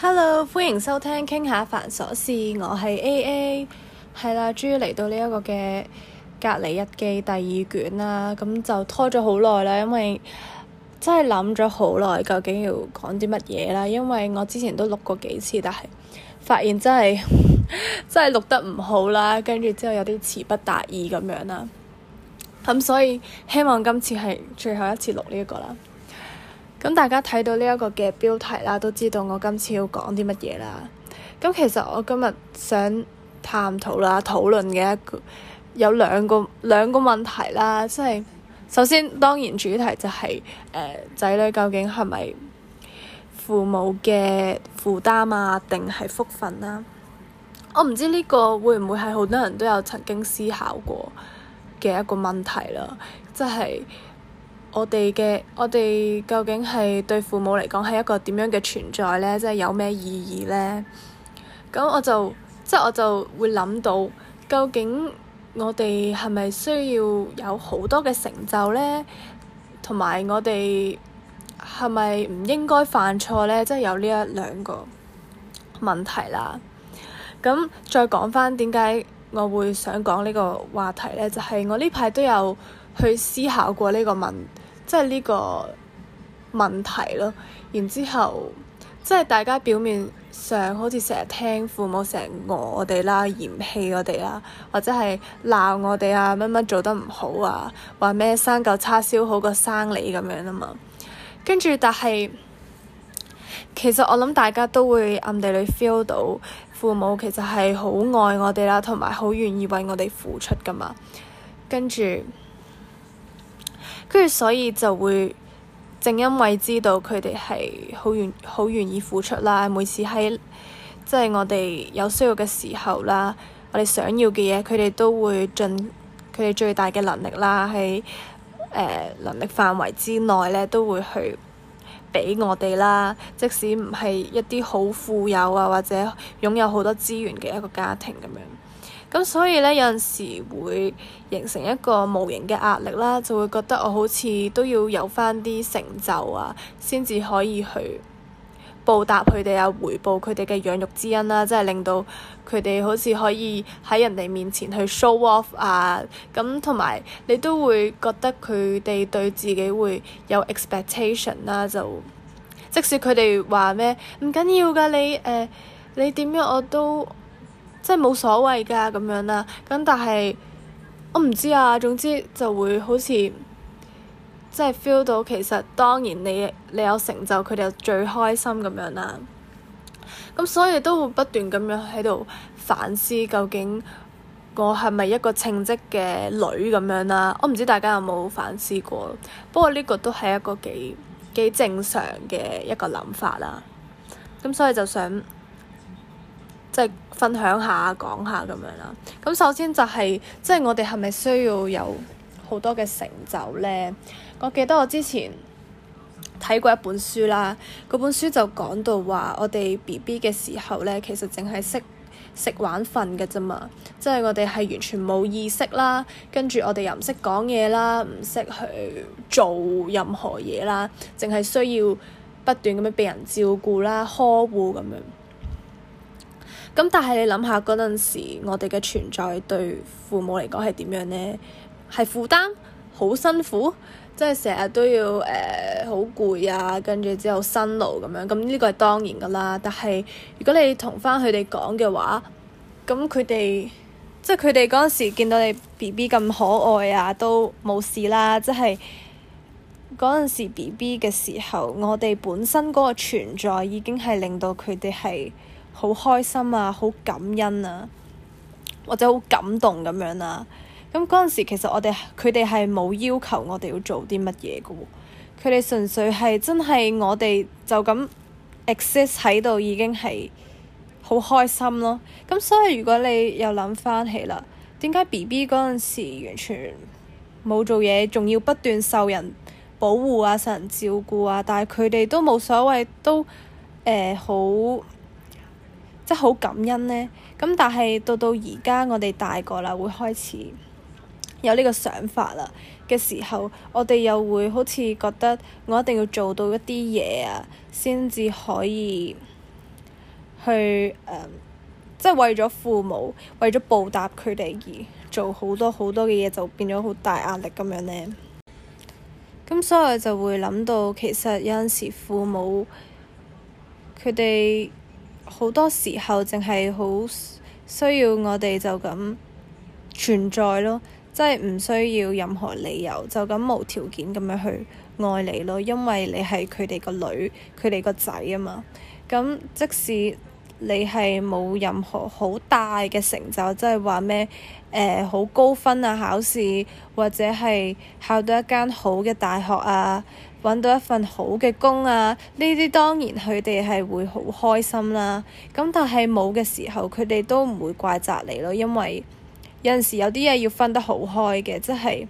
Hello，歡迎收聽傾下煩瑣事，我係 AA，係啦，終於嚟到呢一個嘅隔離日記第二卷啦，咁就拖咗好耐啦，因為真係諗咗好耐，究竟要講啲乜嘢啦？因為我之前都錄過幾次，但係發現真係 真係錄得唔好啦，跟住之後有啲詞不達意咁樣啦，咁所以希望今次係最後一次錄呢一個啦。咁大家睇到呢一個嘅標題啦，都知道我今次要講啲乜嘢啦。咁其實我今日想探討啦、討論嘅一個有兩個兩個問題啦，即係首先當然主題就係誒仔女究竟係咪父母嘅負擔啊，定係福分啦，啊？我唔知呢個會唔會係好多人都有曾經思考過嘅一個問題啦，即係。我哋嘅我哋究竟係對父母嚟講係一個點樣嘅存在呢？即係有咩意義呢？咁我就即係我就會諗到，究竟我哋係咪需要有好多嘅成就呢？同埋我哋係咪唔應該犯錯呢？即係有呢一兩個問題啦。咁再講翻點解我會想講呢個話題呢，就係我呢排都有。去思考過呢個問，即係呢個問題咯。然之後，即係大家表面上好似成日聽父母成日餓我哋啦、嫌棄我哋啦，或者係鬧我哋啊，乜乜做得唔好啊，話咩生舊叉燒好過生你咁樣啊嘛。跟住，但係其實我諗大家都會暗地裏 feel 到父母其實係好愛我哋啦，同埋好願意為我哋付出㗎嘛。跟住。跟住所以就會正因為知道佢哋係好願好願意付出啦，每次喺即係我哋有需要嘅時候啦，我哋想要嘅嘢，佢哋都會盡佢哋最大嘅能力啦，喺誒、呃、能力範圍之內咧，都會去俾我哋啦。即使唔係一啲好富有啊，或者擁有好多資源嘅一個家庭咁樣。咁所以咧，有陣時會形成一個無形嘅壓力啦，就會覺得我好似都要有返啲成就啊，先至可以去報答佢哋啊，回報佢哋嘅養育之恩啦、啊，即係令到佢哋好似可以喺人哋面前去 show off 啊，咁同埋你都會覺得佢哋對自己會有 expectation 啦、啊，就即使佢哋話咩唔緊要㗎，你誒、呃、你點樣我都。即係冇所謂㗎咁樣啦，咁但係我唔知啊，總之就會好似即係 feel 到其實當然你你有成就，佢哋就最開心咁樣啦。咁所以都會不斷咁樣喺度反思究竟我係咪一個稱職嘅女咁樣啦？我唔知大家有冇反思過，不過呢個都係一個幾幾正常嘅一個諗法啦。咁所以就想。即分享下、講下咁樣啦。咁首先就係，即係我哋係咪需要有好多嘅成就呢？我記得我之前睇過一本書啦，嗰本書就講到話，我哋 B B 嘅時候呢，其實淨係識識玩瞓嘅啫嘛。即係我哋係完全冇意識啦，跟住我哋又唔識講嘢啦，唔識去做任何嘢啦，淨係需要不斷咁樣畀人照顧啦、呵護咁樣。咁、嗯、但係你諗下嗰陣時我哋嘅存在對父母嚟講係點樣呢？係負擔，好辛苦，即係成日都要誒好攰啊，跟住之後辛勞咁樣。咁呢個係當然噶啦。但係如果你同翻佢哋講嘅話，咁佢哋即係佢哋嗰陣時見到你 B B 咁可愛啊，都冇事啦。即係嗰陣時 B B 嘅時候，我哋本身嗰個存在已經係令到佢哋係。好開心啊！好感恩啊！或者好感動咁樣啊。咁嗰陣時，其實我哋佢哋係冇要求我哋要做啲乜嘢嘅喎。佢哋純粹係真係我哋就咁 exist 喺度，已經係好開心咯。咁所以如果你又諗翻起啦，點解 BB 嗰陣時完全冇做嘢，仲要不斷受人保護啊、受人照顧啊，但係佢哋都冇所謂，都誒好～、呃即係好感恩呢。咁但係到到而家我哋大個啦，會開始有呢個想法啦嘅時候，我哋又會好似覺得我一定要做到一啲嘢啊，先至可以去、呃、即係為咗父母，為咗報答佢哋而做好多好多嘅嘢，就變咗好大壓力咁樣呢，咁所以我就會諗到，其實有陣時父母佢哋，好多時候，淨係好需要我哋就咁存在咯，即係唔需要任何理由，就咁無條件咁樣去愛你咯，因為你係佢哋個女、佢哋個仔啊嘛。咁即使你係冇任何好大嘅成就，即係話咩誒好高分啊，考試，或者係考到一間好嘅大學啊。揾到一份好嘅工啊！呢啲當然佢哋係會好開心啦。咁但係冇嘅時候，佢哋都唔會怪責你咯。因為有陣時有啲嘢要分得好開嘅，即係，誒、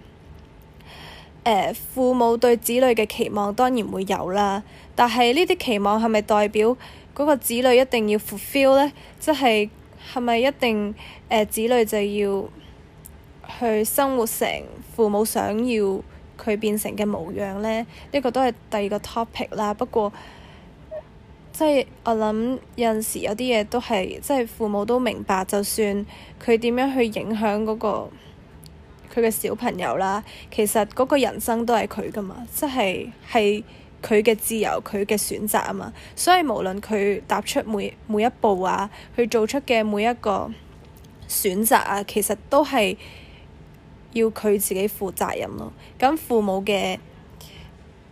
呃、父母對子女嘅期望當然會有啦。但係呢啲期望係咪代表嗰個子女一定要 fulfill 咧？即係，係咪一定誒、呃、子女就要去生活成父母想要？佢變成嘅模樣呢，呢個都係第二個 topic 啦。不過，即係我諗有陣時有啲嘢都係，即係父母都明白，就算佢點樣去影響嗰個佢嘅小朋友啦，其實嗰個人生都係佢㗎嘛，即係係佢嘅自由、佢嘅選擇啊嘛。所以無論佢踏出每每一步啊，佢做出嘅每一個選擇啊，其實都係，要佢自己負責任咯。咁父母嘅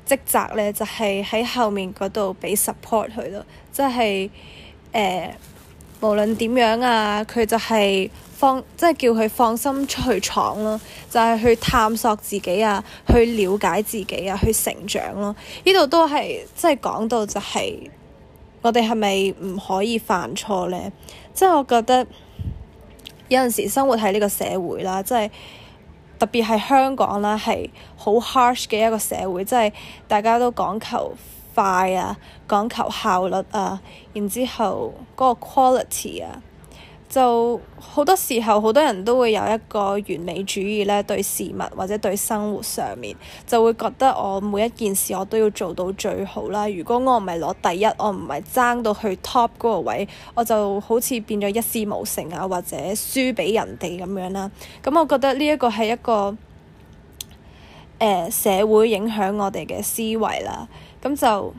職責咧，就係喺後面嗰度俾 support 佢咯，即係誒無論點樣啊，佢就係放即係叫佢放心出去闖咯，就係去探索自己啊，去了解自己啊，去成長咯。呢度都係即係講到就係我哋係咪唔可以犯錯咧？即係我覺得有陣時生活喺呢個社會啦，即係。特別係香港啦，係好 harsh 嘅一個社會，即係大家都講求快啊，講求效率啊，然之後嗰個 quality 啊。就好多時候，好多人都會有一個完美主義咧，對事物或者對生活上面，就會覺得我每一件事我都要做到最好啦。如果我唔係攞第一，我唔係爭到去 top 嗰個位，我就好似變咗一事無成啊，或者輸畀人哋咁樣啦。咁我覺得呢一個係一個誒社會影響我哋嘅思維啦。咁就。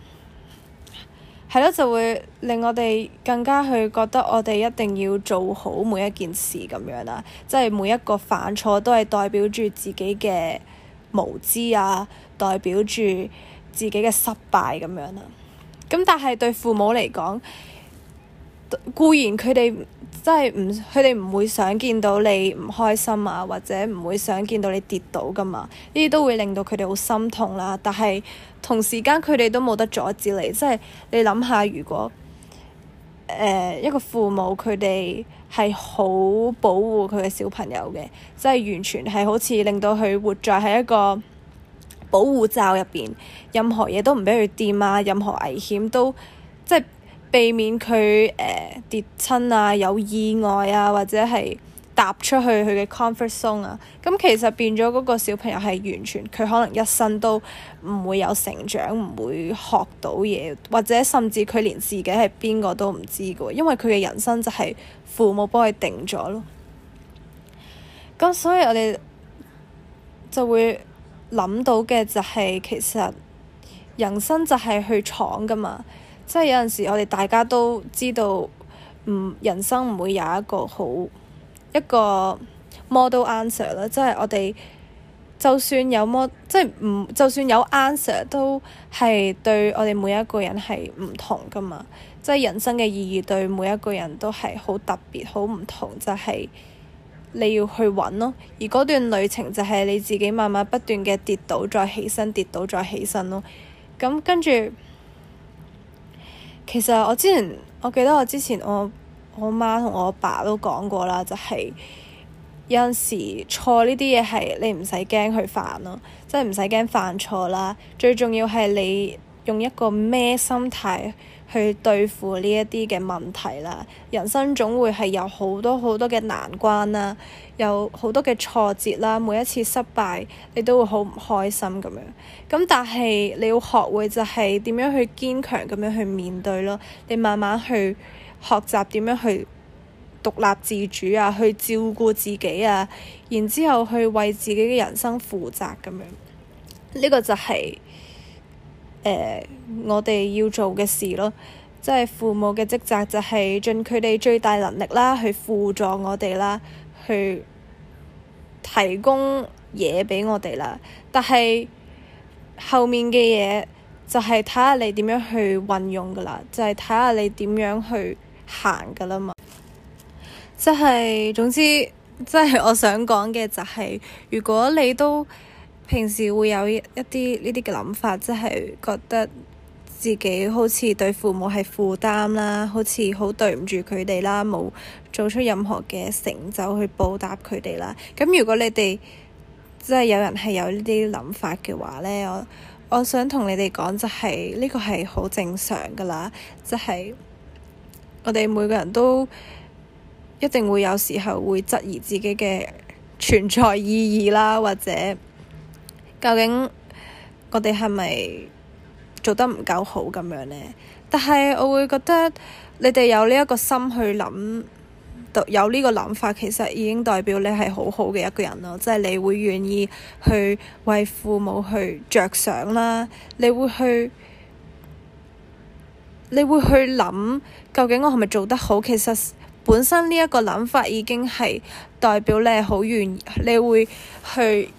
係咯，就會令我哋更加去覺得我哋一定要做好每一件事咁樣啦，即係每一個犯錯都係代表住自己嘅無知啊，代表住自己嘅失敗咁樣啦。咁但係對父母嚟講，固然佢哋。即係唔，佢哋唔會想見到你唔開心啊，或者唔會想見到你跌倒噶嘛，呢啲都會令到佢哋好心痛啦。但係同時間佢哋都冇得阻止你，即係你諗下，如果誒、呃、一個父母佢哋係好保護佢嘅小朋友嘅，即係完全係好似令到佢活在喺一個保護罩入邊，任何嘢都唔畀佢掂啊，任何危險都避免佢誒、呃、跌親啊，有意外啊，或者係踏出去佢嘅 comfort zone 啊，咁、嗯、其實變咗嗰個小朋友係完全佢可能一生都唔會有成長，唔會學到嘢，或者甚至佢連自己係邊個都唔知嘅、啊，因為佢嘅人生就係父母幫佢定咗咯。咁、啊嗯、所以我哋就會諗到嘅就係、係、其實人生就係去闖㗎嘛。即係有陣時，我哋大家都知道，唔人生唔會有一個好一個 model answer 啦。即係我哋就算有 model，即係唔就算有 answer，都係對我哋每一個人係唔同噶嘛。即係人生嘅意義對每一個人都係好特別，好唔同，就係、是、你要去揾咯。而嗰段旅程就係你自己慢慢不斷嘅跌倒，再起身，跌倒再起身咯。咁、嗯、跟住。其實我之前，我記得我之前我，我我媽同我爸都講過啦，就係有陣時錯呢啲嘢係你唔使驚去犯咯，即係唔使驚犯錯啦。最重要係你用一個咩心態去對付呢一啲嘅問題啦，人生總會係有好多好多嘅難關啦，有好多嘅挫折啦，每一次失敗你都會好唔開心咁樣，咁但係你要學會就係點樣去堅強咁樣去面對咯，你慢慢去學習點樣去獨立自主啊，去照顧自己啊，然之後去為自己嘅人生負責咁樣，呢個就係。誒、呃，我哋要做嘅事咯，即係父母嘅職責就係盡佢哋最大能力啦，去輔助我哋啦，去提供嘢畀我哋啦。但係後面嘅嘢就係睇下你點樣去運用噶啦，就係睇下你點樣去行噶啦嘛。即係總之，即係我想講嘅就係、是，如果你都。平時會有一啲呢啲嘅諗法，即係覺得自己好似對父母係負擔啦，好似好對唔住佢哋啦，冇做出任何嘅成就去報答佢哋啦。咁如果你哋即係有人係有呢啲諗法嘅話咧，我我想同你哋講就係呢個係好正常噶啦，即係我哋每個人都一定會有時候會質疑自己嘅存在意義啦，或者～究竟我哋係咪做得唔夠好咁樣咧？但係我會覺得你哋有呢一個心去諗，有呢個諗法，其實已經代表你係好好嘅一個人咯。即係你會願意去為父母去着想啦，你會去，你會去諗究竟我係咪做得好？其實本身呢一個諗法已經係代表你係好願，你會去。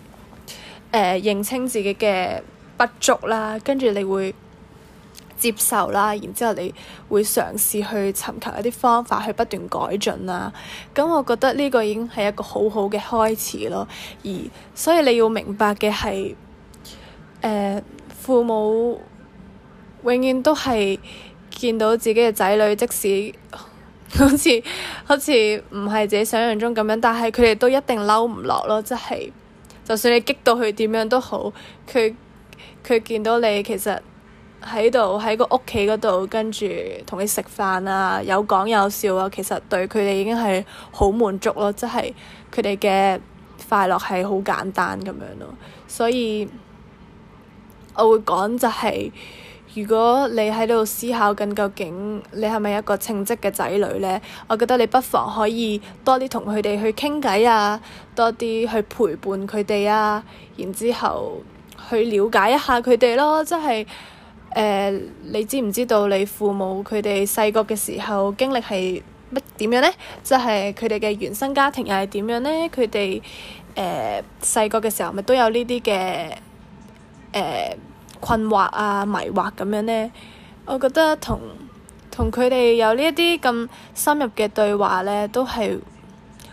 誒、呃、認清自己嘅不足啦，跟住你會接受啦，然之後你會嘗試去尋求一啲方法去不斷改進啦。咁、嗯、我覺得呢個已經係一個好好嘅開始咯。而所以你要明白嘅係、呃，父母永遠都係見到自己嘅仔女，即使好似好似唔係自己想像中咁樣，但係佢哋都一定嬲唔落咯，即係。就算你激到佢點樣都好，佢佢見到你其實喺度喺個屋企嗰度，跟住同你食飯啊，有講有笑啊，其實對佢哋已經係好滿足咯，即係佢哋嘅快樂係好簡單咁樣咯，所以我會講就係。如果你喺度思考緊究竟你係咪一個稱職嘅仔女呢？我覺得你不妨可以多啲同佢哋去傾偈啊，多啲去陪伴佢哋啊，然之後去了解一下佢哋咯，即係誒、呃、你知唔知道你父母佢哋細個嘅時候經歷係乜點樣呢？即係佢哋嘅原生家庭又係點樣呢？佢哋誒細個嘅時候咪都有呢啲嘅誒？呃困惑啊、迷惑咁樣呢，我覺得同同佢哋有呢一啲咁深入嘅對話呢，都係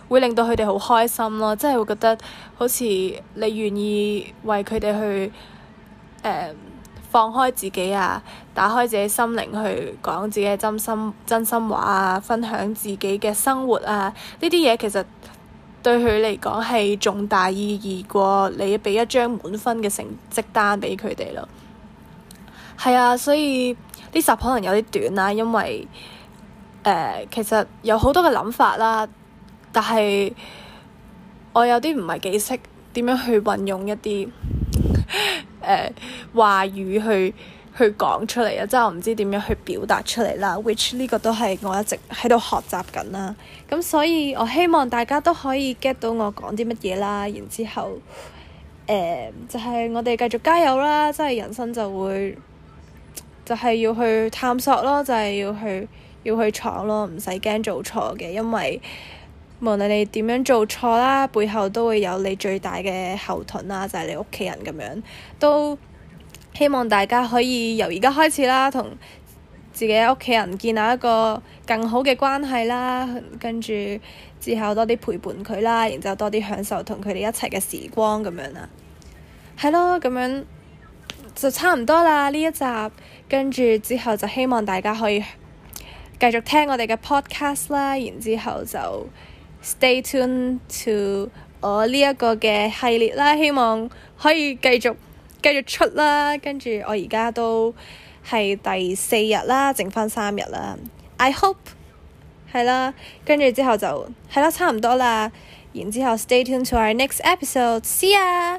會令到佢哋好開心咯。即係會覺得好似你願意為佢哋去、呃、放開自己啊，打開自己心靈去講自己真心真心話啊，分享自己嘅生活啊，呢啲嘢其實，對佢嚟講係重大意義過你俾一張滿分嘅成績單俾佢哋咯，係啊，所以呢集可能有啲短啦，因為誒、呃、其實有好多嘅諗法啦，但係我有啲唔係幾識點樣去運用一啲誒、呃、話語去。去講出嚟啊！即係我唔知點樣去表達出嚟啦，which 呢個都係我一直喺度學習緊啦。咁所以我希望大家都可以 get 到我講啲乜嘢啦。然之後，誒、呃、就係我哋繼續加油啦！即係人生就會，就係要去探索咯，就係要去要去闖咯，唔使驚做錯嘅，因為無論你點樣做錯啦，背後都會有你最大嘅後盾啦。就係你屋企人咁樣都。希望大家可以由而家開始啦，同自己屋企人建立一個更好嘅關係啦，跟住之後多啲陪伴佢啦，然之後多啲享受同佢哋一齊嘅時光咁樣啦。係咯，咁樣，就差唔多啦呢一集，跟住之後就希望大家可以繼續聽我哋嘅 podcast 啦，然之後就 stay tuned to 我呢一個嘅系列啦，希望可以繼續。繼續出啦，跟住我而家都係第四日啦，剩翻三日啦。I hope 係啦，跟住之後就係啦，差唔多啦。然之後 stay tuned to our next episode，see ya。